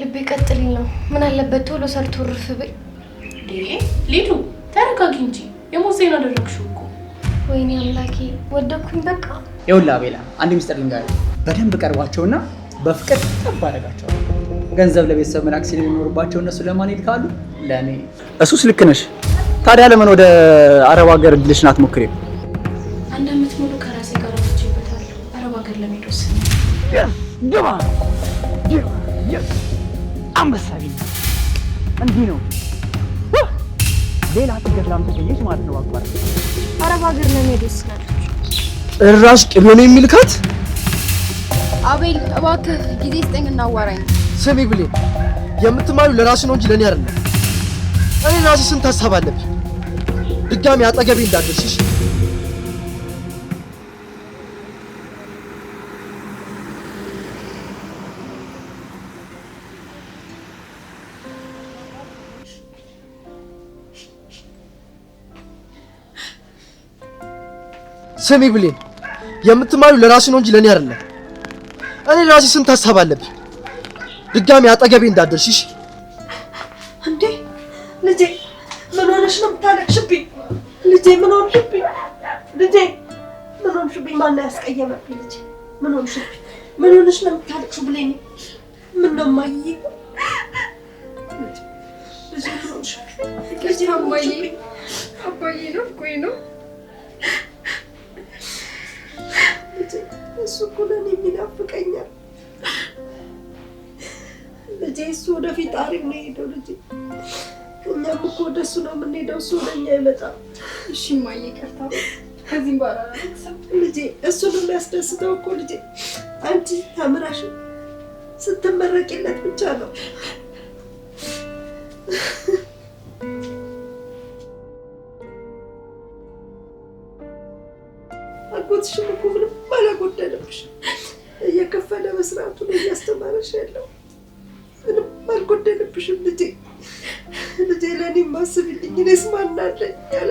ልቤ ቀጥልኝ ነው። ምን አለበት ቶሎ ሰርቶ እርፍ በይ። ሊዱ ተረጋጊ እንጂ የሞት ዜና አደረግሽው እኮ። ወይኔ አምላኬ ወደኩኝ። በቃ የውላ ቤላ፣ አንድ ሚስጥር ልንገርህ። በደንብ ቀርቧቸውና በፍቅር ጠብ አደረጋቸው። ገንዘብ ለቤተሰብ መላክ ሲል የሚኖርባቸው እነሱ ለማን ሄድ ካሉ ለእኔ። እሱስ ልክ ነሽ። ታዲያ ለምን ወደ አረብ ሀገር እድልሽን አትሞክሪም? አንድ ዓመት ሙሉ ከራሴ ጋር አረብ ሀገር ለመሄድ ወስኛለሁ። አንበሳ ቢል እንዲህ ነው። ሌላ ትገር ላም ተገኘች ማለት ነው። አቋር አረብ ሀገር ለመሄድ ወስናለች። እራሱ ቅቤ ነው የሚልካት። አቤል እባክህ ጊዜ ስጠኝ እናዋራኝ። ስሚ ብሌ፣ የምትማሉ ለራሱ ነው እንጂ ለእኔ አይደለም። እኔ ራሱ ስንት ሀሳብ አለብኝ። ድጋሚ አጠገቤ እንዳትደርሺ ስሚ ብሌን፣ የምትማሪው ለራሴ ነው እንጂ ለእኔ አይደለም። እኔ ለራሴ ስንት ሀሳብ አለብኝ። ድጋሚ አጠገቤ እሺ? እንዴ ልጄ፣ ምን ሆነሽ ነው የምታለቅሽብኝ? ልጄ ምን ሆንሽብኝ? ልጄ ምን ሆንሽብኝ? ማነው ያስቀየመብኝ? ልጄ ምን ሆንሽብኝ? ምን ሆነሽ ነው የምታለቅሽው? ብሌን፣ ምን ነው ማየ አባዬ ነው እኮ ነው እሱ እኮ ለእኔ የሚናፍቀኛል ልጄ። እሱ ወደፊት ጣሪ ነው የሄደው ልጄ። እኛም እኮ ወደ እሱ ነው የምንሄደው፣ እሱ ወደ እኛ አይመጣም። እሺ እማዬ፣ ይቅርታ ከዚህም በኋላ ልጄ። እሱን የሚያስደስተው እኮ ልጄ አንቺ ተምራሽ ስትመረቂለት ብቻ ነው። ህይወትሽን እኮ ምንም አላጎደለብሽም። እየከፈለ በስርዓቱ ነው እያስተማረሽ ያለው። ምንም አልጎደለብሽም ልጄ። ልጄ ለእኔ ማስብልኝ እኔስ ማናለኝ ያለ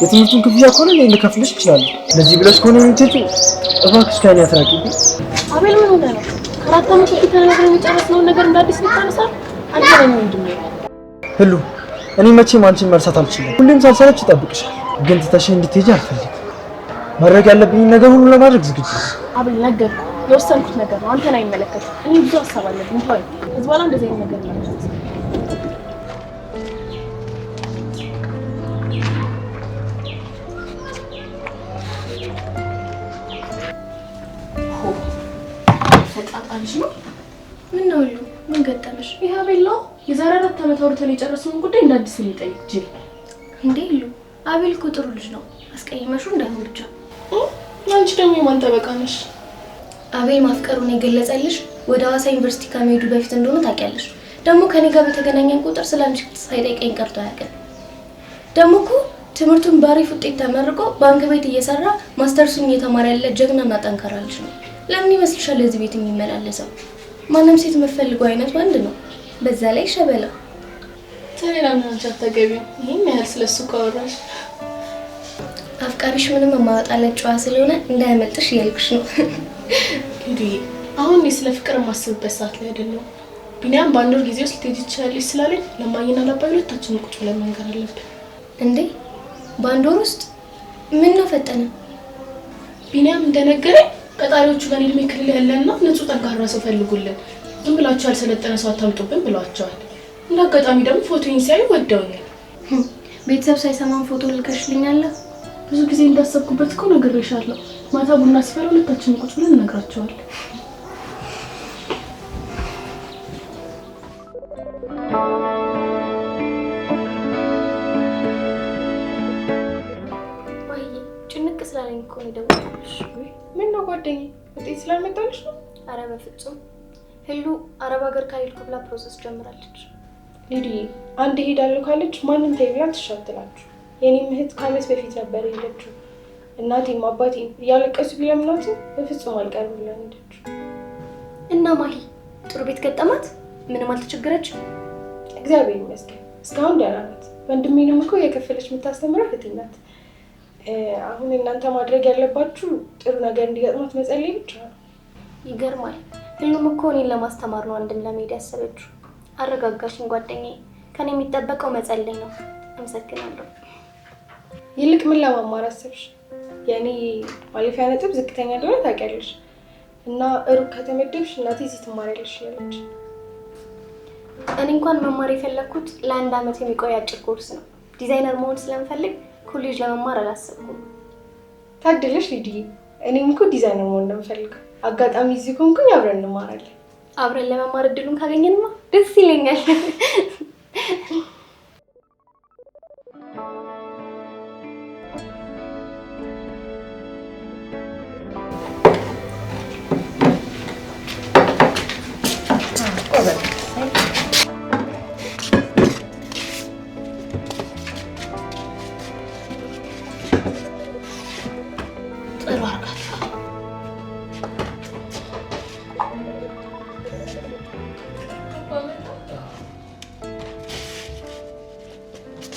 የትምህርቱን ክፍያ ከሆነ እኔ ልከፍልሽ እችላለሁ። ለዚህ ብለሽ ከሆነ የምትሄጂው እባክሽ ከእኔ አትራቂብኝ። አቤል ምን ሆነህ ነው? ከአራት ዓመት በፊት ነገር የጨረስነውን ነገር እንዳዲስ ልታነሳ አልገናኝ ምንድን ነው? እኔ መቼም አንቺን መርሳት አልችልም። ሁሌም ሳልሰለች እጠብቅሻል። ግን ትተሽ እንድትሄጂ አልፈልግም። ማድረግ ነገር ሁሉ ለማድረግ ዝግጁ አብል ነገር የወሰንኩት ነገር ነው። አንተን አይመለከትም። እኔ ብዙ ሀሳብ እንኳን ህዝባላ እንደዚህ ነገር ነው መጣጣልሽ ነው። ምን ነው ምን ገጠመሽ? ይሄ የዛሬ አራት ዓመት አውርተን ጉዳይ ሊጠይቅ ጅል እንዴ አቤል እኮ ጥሩ ልጅ ነው። አስቀይመሹ እንዳይሆን ብቻ። ደግሞ የማን ጠበቃ ነሽ? አቤል ማፍቀሩን የገለጸልሽ ወደ ሀዋሳ ዩኒቨርሲቲ ከመሄዱ በፊት እንደሆነ ታውቂያለሽ። ደግሞ ከኔ ጋር በተገናኘን ቁጥር ስለ አንቺ ሳይጠይቀኝ ቀርቶ አያውቅም። ደግሞ እኮ ትምህርቱን በአሪፍ ውጤት ተመርቆ ባንክ ቤት እየሰራ ማስተርሱን እየተማረ ያለ ጀግናና ጠንካራ ልጅ ነው። ለምን ይመስልሻል እዚህ ቤት የሚመላለሰው? ማንም ሴት የምትፈልገው አይነት ወንድ ነው። በዛ ላይ ሸበላ። ተሌላ ለምን አንቺ አታገቢም? ይህም ያህል ስለሱ ካወራሽ አፍቃሪሽ ምንም የማወጣለት ጨዋ ስለሆነ እንዳያመልጥሽ እያልኩሽ ነው። እንግዲህ አሁን እኔ ስለ ፍቅር የማስብበት ሰዓት ላይ አይደለም። ቢኒያም በአንድ ወር ጊዜ ውስጥ ልትሄጂ ትችላለች ስላለኝ ለማየና ለአባይ ሁለታችንም ቁጭ ብለን መንገር አለብን። እንዴ በአንድ ወር ውስጥ ምን ነው ፈጠነ? ቢኒያም እንደነገረኝ ቀጣሪዎቹ ጋር እድሜ ክልል ያለና ንጹህ ጠንካራ ሰው ፈልጉልን፣ ዝም ብላችሁ ያልሰለጠነ ሰው አታምጡብን ብለዋቸዋል። እንደ አጋጣሚ ደግሞ ፎቶን ሲያዩ ወደውኛል። ቤተሰብ ሳይሰማን ፎቶ ልከሽልኛለህ? ብዙ ጊዜ እንዳሰብኩበት እኮ ነግሬሻለሁ። ማታ ቡና ሲፈላ ሁለታችንን ቁጭ ብለን እነግራቸዋለን። ነው ጓደኛዬ? ውጤት ስላልመጣልሽ ነው? አረ በፍጹም ህሉ አረብ ሀገር ካልሄድኩ ብላ ፕሮሰስ ጀምራለች። ሊዲ አንድ ሄዳለሁ ካለች ማንም ተይ ብላ ትሻትላችሁ። የኔም እህት ከዓመት በፊት ነበር የሄደችው። እናቴም አባቴም እያለቀሱ ቢለምናት በፍጹም አልቀርም ብላ ሄደችው። እና ማሂ ጥሩ ቤት ገጠማት? ምንም አልተቸገረች? እግዚአብሔር ይመስገን እስካሁን ደህና ናት። ወንድሜንም እኮ የከፈለች የምታስተምረው እህቴ ናት። አሁን እናንተ ማድረግ ያለባችሁ ጥሩ ነገር እንዲገጥማት መጸለይ ብቻ ነው። ይገርማል። ሁሉም እኮ እኔን ለማስተማር ነው አንድም ለመሄድ ያሰበችው። አረጋጋሽን ጓደኛዬ። ከኔ የሚጠበቀው መጸለይ ነው። አመሰግናለሁ። ይልቅ ምን ለማማር አሰብሽ? የእኔ ማለፊያ ነጥብ ዝቅተኛ እንደሆነ ታውቂያለሽ እና ሩቅ ከተመደብሽ እናቴ እዚህ ትማሪያለሽ ያለች። እኔ እንኳን መማር የፈለግኩት ለአንድ አመት የሚቆይ አጭር ኮርስ ነው። ዲዛይነር መሆን ስለምፈልግ ኮሌጅ ለመማር አላሰብኩም። ታድለሽ ሊዲዬ፣ እኔም እኮ ዲዛይነር መሆን ነው አጋጣሚ እዚህ ከሆንኩኝ አብረን እንማራለን። አብረን ለመማር እድሉን ካገኘንማ ደስ ይለኛል።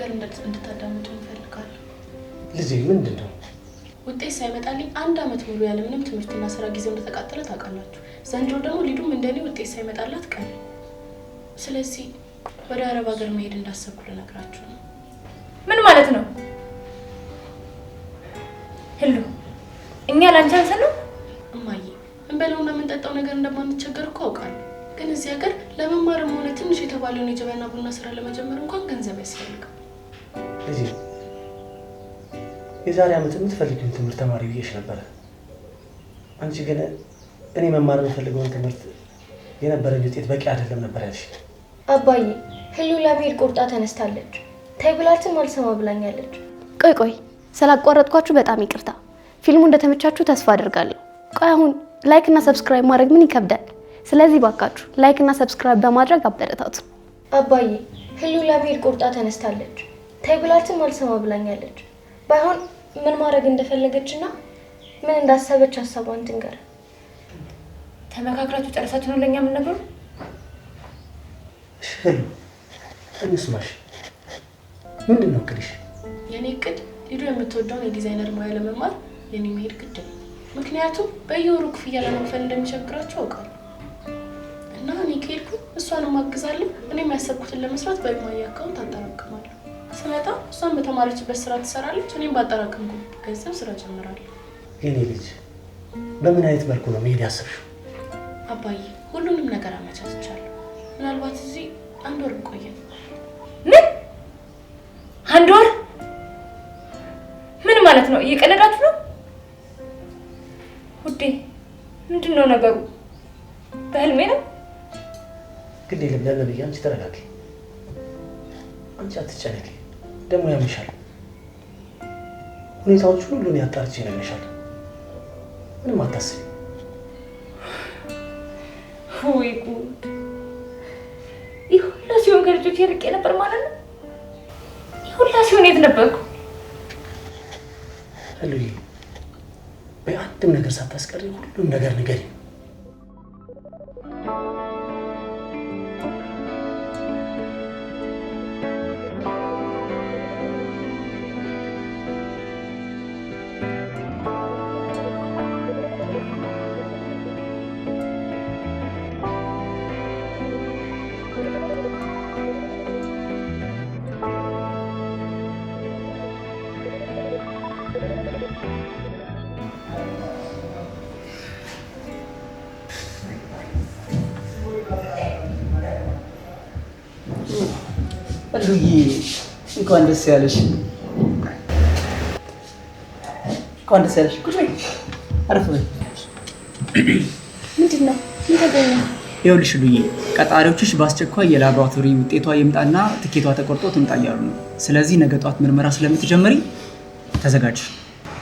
ነገር እንድታዳምጡ እንፈልጋለሁ። ልጄ ምንድን ነው? ውጤት ሳይመጣልኝ አንድ አመት ሙሉ ምንም ትምህርትና ስራ ጊዜው እንደተቃጠለ ታውቃላችሁ። ዘንድሮ ደግሞ ሊዱም እንደኔ ውጤት ሳይመጣላት ቀን። ስለዚህ ወደ አረብ ሀገር መሄድ እንዳሰብኩ ልነግራችሁ ነው። ምን ማለት ነው? ህሉ እኛ ላንቺ አንሰንም። እማዬ እንበለውና የምንጠጣው ነገር እንደማንቸገር እኮ አውቃለሁ። ግን እዚህ ሀገር ለመማርም ሆነ ትንሽ የተባለውን የጀበና ቡና ስራ ለመጀመር እንኳን ገንዘብ ያስፈልጋል። እዚህ ነው። የዛሬ ዓመት የምትፈልጊውን ትምህርት ተማሪ ብዬሽ ነበረ። አንቺ ግን እኔ መማር የምፈልገውን ትምህርት የነበረኝ ውጤት በቂ አይደለም ነበር ያልሽ። አባዬ ህሊላ ብሄድ ቁርጣ ተነስታለች። ተይ ብላትም አልሰማ ብላኛለች። ቆይ ቆይ ስላቋረጥኳችሁ በጣም ይቅርታ። ፊልሙ እንደተመቻችሁ ተስፋ አድርጋለሁ። ቆይ አሁን ላይክ እና ሰብስክራይብ ማድረግ ምን ይከብዳል? ስለዚህ ባካችሁ ላይክ እና ሰብስክራይብ በማድረግ አበረታቱ። አባዬ ህሊላ ብሄድ ቁርጣ ተነስታለች። ተይብላትም አልሰማ ብላኛለች። ባይሆን ምን ማድረግ እንደፈለገች እና ምን እንዳሰበች ሀሳቧን ትንገር። ተመካክራችሁ ጨርሳችሁ ነው ለእኛ የምንነግሩ? እንስማሽ። ምንድን ነው እቅድሽ? የኔ እቅድ ሊዱ የምትወደውን የዲዛይነር ሙያ ለመማር የኔ መሄድ ግድ ነው። ምክንያቱም በየወሩ ክፍያ ለመክፈል እንደሚቸግራችሁ አውቃለሁ። እና እኔ ከሄድኩ እሷንም አግዛለሁ። እኔ ያሰብኩትን ለመስራት በማያ አካውንት አጠራቅም ስመጣ እሷን በተማረችበት ስራ ትሰራለች፣ እኔም ባጠራቀምኩ ገንዘብ ስራ ጀምራለሁ። የኔ ልጅ በምን አይነት መልኩ ነው መሄድ ያሰብሽው? አባዬ ሁሉንም ነገር አመቻችቻለሁ። ምናልባት እዚህ አንድ ወር ቆየ። ምን አንድ ወር? ምን ማለት ነው? እየቀለዳችሁ ነው ውዴ? ምንድን ነው ነገሩ? በህልሜ ነው ግድ የለም። ለነብዬ አንቺ ተረጋጊ፣ አንቺ አትጨነቂ። ደግሞ ያምሻል። ሁኔታዎች ሁሉን ያጣርቼ ነው ምንም አታስቢ። ወይ ጉድ! ይህ ሁላ ሲሆን ከልጆች ርቄ ነበር ማለት ነው። ይህ ሁላ ሲሆን የት ነበርኩ? ሉዬ፣ በአንድም ነገር ሳታስቀሪ ሁሉም ነገር ንገሪኝ። እትዬ እንኳን ደስ ያለሽ፣ እንኳን ደስ ያለሽ። ቁጭ በይ፣ አረፍ በይ። ምንድን ነው ተገኘ? ይኸውልሽ ሉዬ፣ ቀጣሪዎችሽ በአስቸኳይ የላብራቶሪ ውጤቷ ይምጣና ትኬቷ ተቆርጦ ትምጣ እያሉ ነው። ስለዚህ ነገ ጠዋት ምርመራ ስለምትጀምሪ ተዘጋጅ።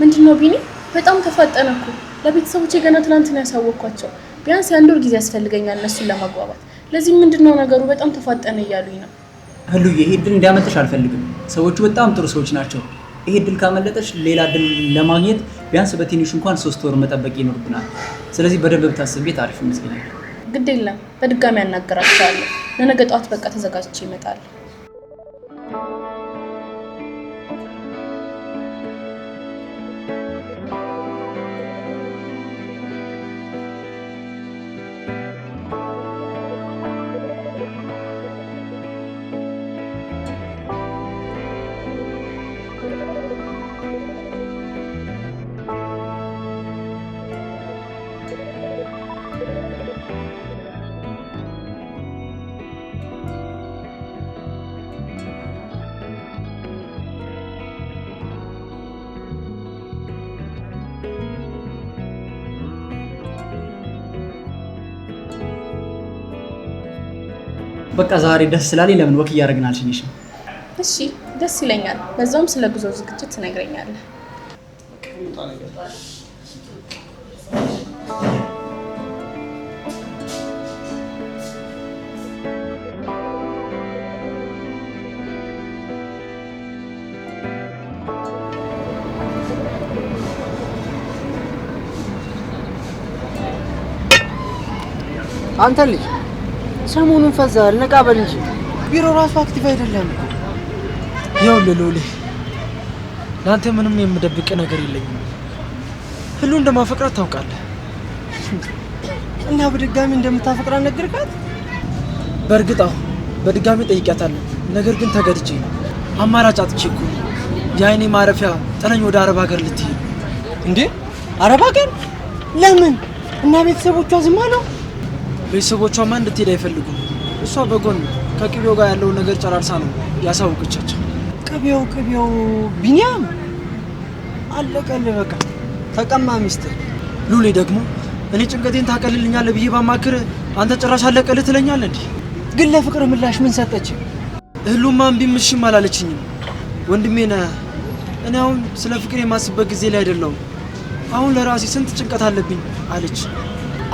ምንድን ነው ቢኒ፣ በጣም ተፋጠነ እኮ። ለቤተሰቦቼ ገና ትናንት ነው ያሳወቅኳቸው። ቢያንስ የአንድ ወር ጊዜ ያስፈልገኛል እነሱን ለማግባባት። ለዚህ ምንድን ነው ነገሩ በጣም ተፋጠነ እያሉኝ ነው ህሉዬ ይሄ እድል እንዲያመልጥሽ አልፈልግም። ሰዎቹ በጣም ጥሩ ሰዎች ናቸው። ይሄ ድል ካመለጠሽ ሌላ ድል ለማግኘት ቢያንስ በትንሹ እንኳን ሶስት ወር መጠበቅ ይኖርብናል። ስለዚህ በደንብ ብታስቤት አሪፍ ይመስለኛል። ግድ የለም፣ በድጋሚ ያናገራቸዋለሁ። ለነገ ጠዋት በቃ ተዘጋጅቼ ይመጣል። በቃ ዛሬ ደስ ስላለኝ ለምን ወክ እያደረግን አልሽኝሽም? እሺ ደስ ይለኛል። በዛውም ስለ ጉዞ ዝግጅት ትነግረኛለህ። አንተ ልጅ ሰሞኑን ፈዛል። ነቃ በል እንጂ ቢሮ ራሱ አክቲቭ አይደለም። ያው ለሎሌ ለአንተ ምንም የምደብቅ ነገር የለኝም። ህሉ እንደማፈቅራት ታውቃለህ እና በድጋሚ እንደምታፈቅራት ነገርካት? በእርግጥ በድጋሚ ጠይቂያታለሁ። ነገር ግን ተገድጄ አማራጭ አጥቼ እኮ የአይኔ ማረፊያ ጥለኝ ወደ አረብ ሀገር ልትሄድ እንዴ? አረብ ሀገር ለምን? እና ቤተሰቦቿ ዝም ነው ቤተሰቦቿማ እንድትሄድ አይፈልጉም። እሷ በጎን ከቅቤው ጋር ያለውን ነገር ጨራርሳ ነው ያሳውቀቻቸው። ቅቤው ቅቤው ቢኒያም አለቀልህ በቃ ተቀማ ሚስት ሉሌ ደግሞ እኔ ጭንቀቴን ታቀልልኛለህ ብዬ ባማክር አንተ ጭራሽ አለቀልህ ትለኛለህ። እንዲህ ግን ለፍቅር ምላሽ ምን ሰጠች? እህሉማ ቢምሽ እሺም አላለችኝም። እኔ አሁን ስለ ፍቅር የማስበት ጊዜ ላይ አይደለሁም። አሁን ለራሴ ስንት ጭንቀት አለብኝ አለች።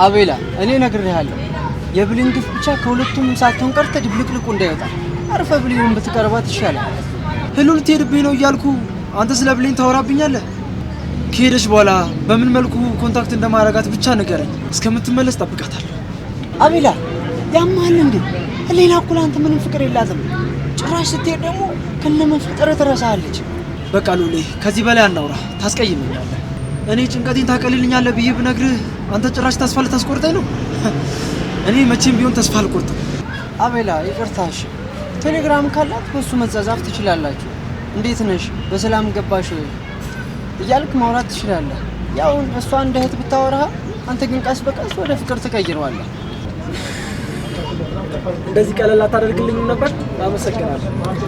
አቤላ እኔ እነግርሃለሁ የብልንግፍ ብቻ ከሁለቱም ሳትሆን ቀርተ ድብልቅልቁ እንዳይወጣ አርፈ ብሊውን ብትቀርባት ይሻላል። ህሉ ልትሄድብኝ ነው እያልኩ አንተ ስለ ብሌን ታወራብኛለህ። ከሄደች በኋላ በምን መልኩ ኮንታክት እንደማረጋት ብቻ ንገረኝ። እስከምትመለስ ጠብቃታለሁ። አቤላ ያማል እንዴ? ሌላ እኩል አንተ ምንም ፍቅር የላትም። ጭራሽ ስትሄድ ደግሞ ከነመፍጠር ትረሳለች። በቃ ሉሌ፣ ከዚህ በላይ አናውራ፣ ታስቀይመኛለህ። እኔ ጭንቀቴን ታቀልልኛለህ ብዬ ብነግርህ አንተ ጭራሽ ተስፋ ልታስቆርጠኝ ነው። እኔ መቼም ቢሆን ተስፋ አልቆርጥም። አቤላ ይቅርታሽ ቴሌግራም ካላት በሱ መጻጻፍ ትችላላችሁ። እንዴት ነሽ፣ በሰላም ገባሽ እያልክ ማውራት ትችላለህ። ያው እሷ እንደ እህት ብታወራህ፣ አንተ ግን ቀስ በቀስ ወደ ፍቅር ትቀይረዋለህ። እንደዚህ ቀለል አታደርግልኝም ነበር። አመሰግናለሁ።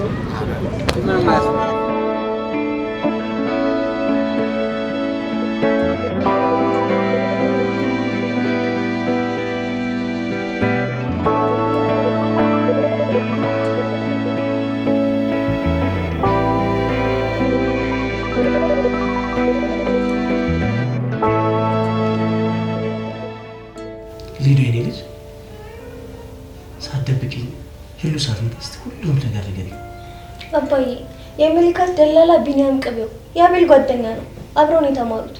ሳትደብቂኝ ሁሉ ሳትነግሪኝ ሁሉም ነገር ንገሪኝ። አባዬ የሚልካት ደላላ ቢኒያም ቅቤው የአቤል ጓደኛ ነው። አብረው ነው የተማሩት።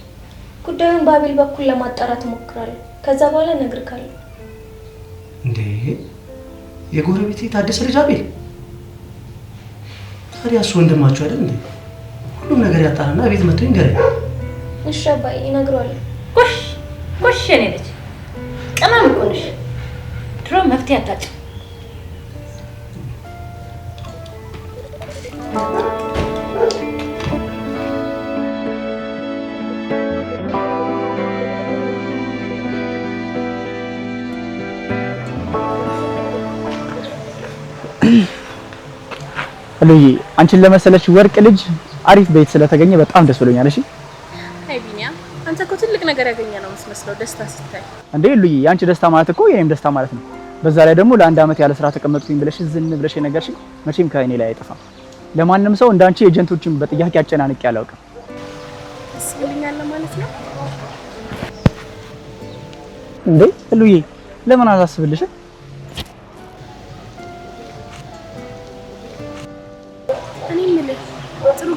ጉዳዩን በአቤል በኩል ለማጣራት እሞክራለሁ። ከዛ በኋላ እነግርካለሁ። እንዴ የጎረቤት የታደሰ ልጅ አቤል? ታዲያ እሱ ወንድማችሁ አይደል እንዴ? ሁሉም ነገር ያጣራና ቤት መጥቶ ይንገረኝ። እሺ አባዬ እነግረዋለሁ። ጎሽ ጎሽ፣ የኔ ልጅ ቅመም እኮ ነሽ። ድሮም መፍትሄ አታጭም። ሉዬ አንቺን ለመሰለች ወርቅ ልጅ አሪፍ ቤት ስለተገኘ በጣም ደስ ብሎኛል። እሺ አይ ቢኒያ፣ አንተ እኮ ትልቅ ነገር ያገኘ ነው የምትመስለው ደስታ ስታይ። እንዴ ሉዬ፣ የአንቺ ደስታ ማለት እኮ የኔም ደስታ ማለት ነው። በዛ ላይ ደግሞ ለአንድ አመት ያለ ስራ ተቀመጥኩኝ ብለሽ ዝም ብለሽ ነገርሽ መቼም ከእኔ ላይ አይጠፋም። ለማንም ሰው እንዳንቺ ኤጀንቶችን በጥያቄ አጨናንቅ አላውቅም። እንዴ ሉዬ? ለምን አሳስብልሽም?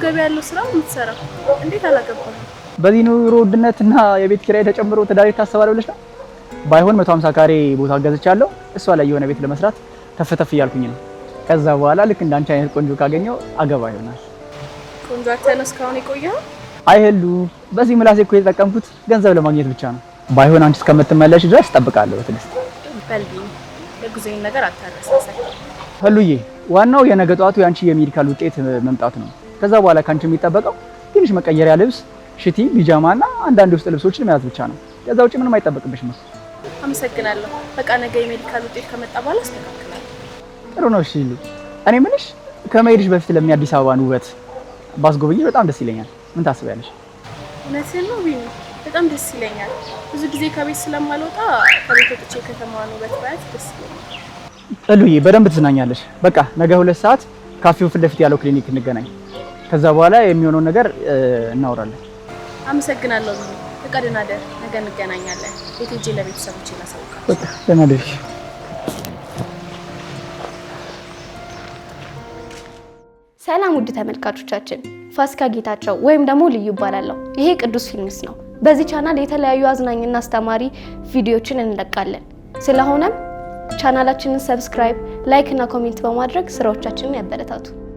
ገቢ ያለው ስራ የምትሰራው እንዴት አላገባም? በዚህ ኑሮ ውድነትና የቤት ኪራይ ተጨምሮ ትዳር ታስባለህ ብለሽ ነው? ባይሆን 150 ካሬ ቦታ ገዝቻለሁ። እሷ ላይ የሆነ ቤት ለመስራት ተፍተፍ እያልኩኝ ነው። ከዛ በኋላ ልክ እንዳንቺ አይነት ቆንጆ ካገኘው አገባ ይሆናል። ቆንጆ አተነ እስካሁን የቆየው አይሄሉ በዚህ ምላሴ እኮ የተጠቀምኩት ገንዘብ ለማግኘት ብቻ ነው። ባይሆን አንቺ እስከምትመለሽ ድረስ እጠብቃለሁ በትዕግስት። በልኝ የጉዞዬን ነገር አታረሳሳ ህሉዬ። ዋናው የነገ ጠዋቱ የአንቺ የሜዲካል ውጤት መምጣት ነው። ከዛ በኋላ ከአንቺ የሚጠበቀው ትንሽ መቀየሪያ ልብስ፣ ሽቲ፣ ቢጃማ እና አንዳንድ ውስጥ ልብሶችን መያዝ ብቻ ነው። ከዛ ውጭ ምንም አይጠበቅብሽም። አመሰግናለሁ። በቃ ነገ የሜዲካል ውጤት ከመጣ በኋላ አስተካክል ጥሩ ነው። እሺ እኔ ምንሽ ከመሄድሽ በፊት ለምን አዲስ አበባን ውበት ባስጎብኝ በጣም ደስ ይለኛል። ምን ታስቢያለሽ? እውነትህን ነው ቢኒ፣ በጣም ደስ ይለኛል። ብዙ ጊዜ ከቤት ስለማልወጣ ከቤት ወጥቼ ከተማዋን ውበት ባያት ደስ ይለኛል። ጥሉዬ በደንብ ትዝናኛለሽ። በቃ ነገ ሁለት ሰዓት ካፌው ፊት ለፊት ያለው ክሊኒክ እንገናኝ። ከዛ በኋላ የሚሆነውን ነገር እናወራለን። አመሰግናለሁ ቢኒ። በቃ ደህና ደር። ነገ እንገናኛለን። ቤት እጄ ለቤተሰቦቼ ላሳውቃለሁ። በቃ ደህና ደር። ሰላም ውድ ተመልካቾቻችን፣ ፋሲካ ጌታቸው ወይም ደግሞ ልዩ እባላለሁ። ይሄ ቅዱስ ፊልምስ ነው። በዚህ ቻናል የተለያዩ አዝናኝና አስተማሪ ቪዲዮችን እንለቃለን። ስለሆነም ቻናላችንን ሰብስክራይብ፣ ላይክ እና ኮሜንት በማድረግ ስራዎቻችንን ያበረታቱ።